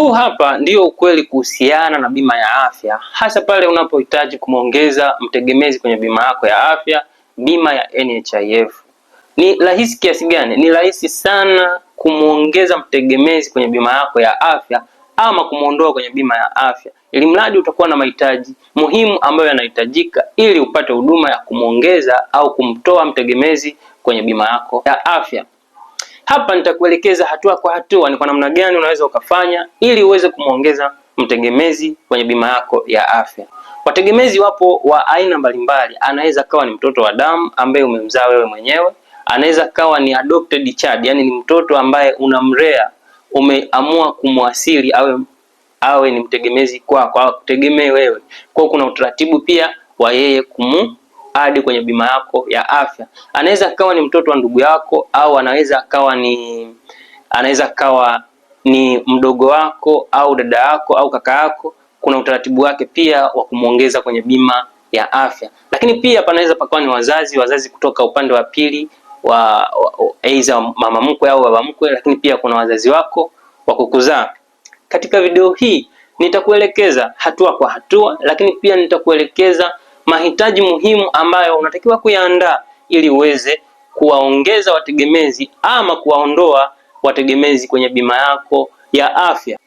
Huu hapa ndio ukweli kuhusiana na bima ya afya, hasa pale unapohitaji kumwongeza mtegemezi kwenye bima yako ya afya, bima ya NHIF. Ni rahisi kiasi gani? Ni rahisi sana kumwongeza mtegemezi kwenye bima yako ya afya ama kumwondoa kwenye bima ya afya, ili mradi utakuwa na mahitaji muhimu ambayo yanahitajika ili upate huduma ya kumwongeza au kumtoa mtegemezi kwenye bima yako ya afya. Hapa nitakuelekeza hatua kwa hatua ni kwa namna gani unaweza ukafanya ili uweze kumwongeza mtegemezi kwenye bima yako ya afya. Wategemezi wapo wa aina mbalimbali. Anaweza kawa ni mtoto wa damu ambaye umemzaa wewe mwenyewe, anaweza kawa ni adopted child, yani ni mtoto ambaye unamlea, umeamua kumwasili awe awe ni mtegemezi kwako au kutegemee wewe. Kwa kuna utaratibu pia wa yeye kumu hadi kwenye bima yako ya afya. Anaweza akawa ni mtoto wa ndugu yako au anaweza akawa ni anaweza kawa ni mdogo wako au dada yako au kaka yako. Kuna utaratibu wake pia wa kumwongeza kwenye bima ya afya, lakini pia panaweza pakawa ni wazazi, wazazi kutoka upande wa pili wa aidha mama mkwe au baba mkwe, lakini pia kuna wazazi wako wa kukuzaa. Katika video hii nitakuelekeza hatua kwa hatua, lakini pia nitakuelekeza mahitaji muhimu ambayo unatakiwa kuyaandaa ili uweze kuwaongeza wategemezi ama kuwaondoa wategemezi kwenye bima yako ya afya.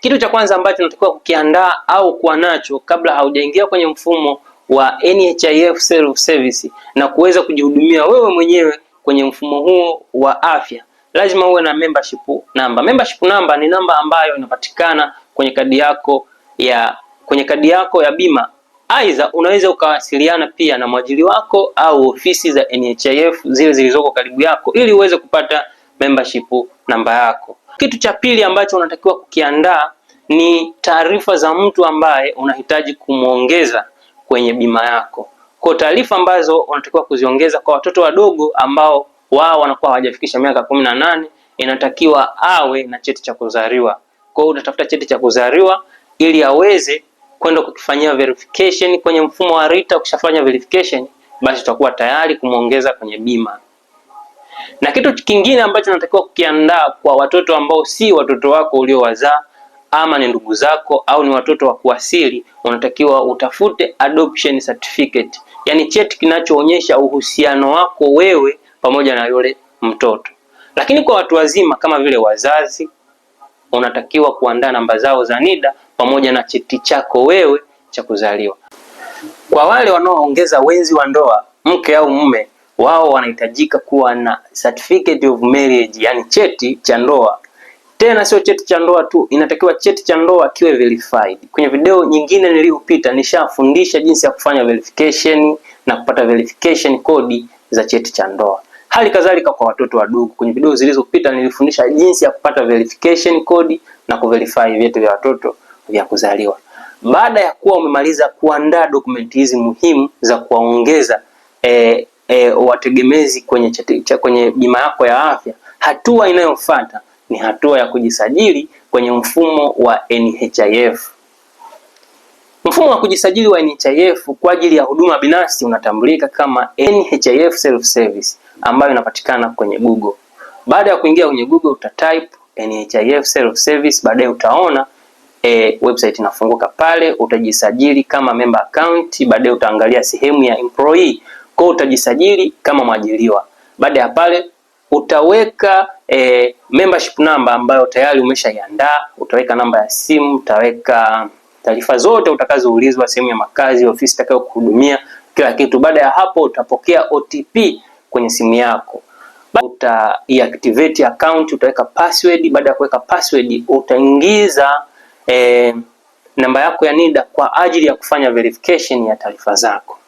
Kitu cha kwanza ambacho unatakiwa kukiandaa au kuwa nacho kabla haujaingia kwenye mfumo wa NHIF Self Service na kuweza kujihudumia wewe mwenyewe kwenye mfumo huo wa afya, lazima uwe na membership namba. Membership namba ni namba ambayo inapatikana kwenye kadi yako ya kwenye kadi yako ya bima Aidha, unaweza ukawasiliana pia na mwajili wako au ofisi za NHIF zile zilizoko karibu yako ili uweze kupata membership namba yako. Kitu cha pili ambacho unatakiwa kukiandaa ni taarifa za mtu ambaye unahitaji kumwongeza kwenye bima yako. Kwa taarifa ambazo unatakiwa kuziongeza kwa watoto wadogo ambao wao wanakuwa hawajafikisha miaka kumi na nane, inatakiwa awe na cheti cha kuzaliwa. Kwa hiyo unatafuta cheti cha kuzaliwa ili aweze kwenda kukifanyia verification kwenye mfumo wa RITA. Ukishafanya verification, basi tutakuwa tayari kumwongeza kwenye bima. Na kitu kingine ambacho natakiwa kukiandaa kwa watoto ambao si watoto wako uliowazaa ama ni ndugu zako au ni watoto wa kuasili, unatakiwa utafute adoption certificate, yani cheti kinachoonyesha uhusiano wako wewe pamoja na yule mtoto. Lakini kwa watu wazima kama vile wazazi unatakiwa kuandaa namba zao za NIDA pamoja na cheti chako wewe cha kuzaliwa. Kwa wale wanaoongeza wenzi wa ndoa, mke au mume, wao wanahitajika kuwa na certificate of marriage, yani cheti cha ndoa. Tena sio cheti cha ndoa tu, inatakiwa cheti cha ndoa kiwe verified. Kwenye video nyingine niliyopita nishafundisha jinsi ya kufanya verification na kupata verification kodi za cheti cha ndoa. Hali kadhalika kwa watoto wadogo, kwenye video zilizopita nilifundisha jinsi ya kupata verification code na kuverify vyeti vya watoto vya kuzaliwa. Baada ya kuwa umemaliza kuandaa dokumenti hizi muhimu za kuwaongeza e, e, wategemezi kwenye, chate, cha, kwenye bima yako ya afya, hatua inayofuata ni hatua ya kujisajili kwenye mfumo wa NHIF. Mfumo wa kujisajili wa NHIF kwa ajili ya huduma binafsi unatambulika kama NHIF Self Service ambayo inapatikana kwenye Google. Baada ya kuingia kwenye Google uta type NHIF Self Service, baadaye utaona e, website inafunguka pale, utajisajili kama member account, baadaye utaangalia sehemu ya employee, kwa utajisajili kama mwajiliwa. Baada ya pale utaweka e, membership number ambayo tayari umeshaiandaa, utaweka namba ya simu, utaweka taarifa zote utakazoulizwa, sehemu ya makazi, ofisi itakayokuhudumia, kila kitu. Baada ya hapo utapokea OTP kwenye simu yako. Uta activate account, utaweka password. Baada ya kuweka password, utaingiza eh, namba yako ya NIDA kwa ajili ya kufanya verification ya taarifa zako.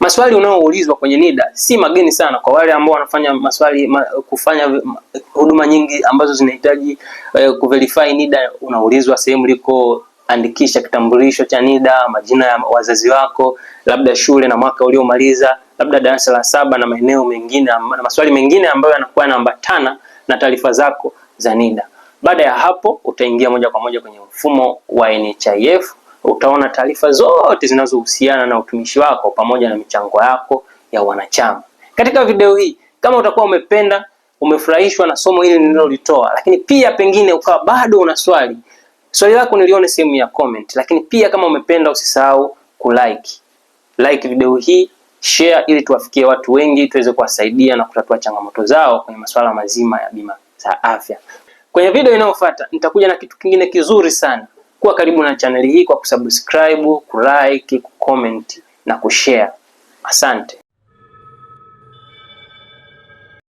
Maswali unaoulizwa kwenye NIDA si mageni sana kwa wale ambao wanafanya maswali ma, kufanya huduma nyingi ambazo zinahitaji eh, kuverify NIDA. Unaulizwa sehemu liko andikisha kitambulisho cha NIDA, majina ya wazazi wako, labda shule na mwaka uliomaliza labda darasa la saba na maeneo mengine na maswali mengine ambayo yanakuwa yanaambatana na taarifa zako za NIDA. Baada ya hapo utaingia moja kwa moja kwenye mfumo wa NHIF, utaona taarifa zote zinazohusiana na utumishi wako pamoja na michango yako ya wanachama. Katika video hii kama utakuwa umependa, umefurahishwa na somo hili nililolitoa, lakini pia pengine ukawa bado una swali, swali lako nilione sehemu ya comment. Lakini pia kama umependa, usisahau kulike like video hii share ili tuwafikie watu wengi tuweze kuwasaidia na kutatua changamoto zao kwenye masuala mazima ya bima za afya. Kwenye video inayofuata nitakuja na kitu kingine kizuri sana. Kuwa karibu na chaneli hii kwa kusubscribe, kulike, kucomment na kushare. Asante.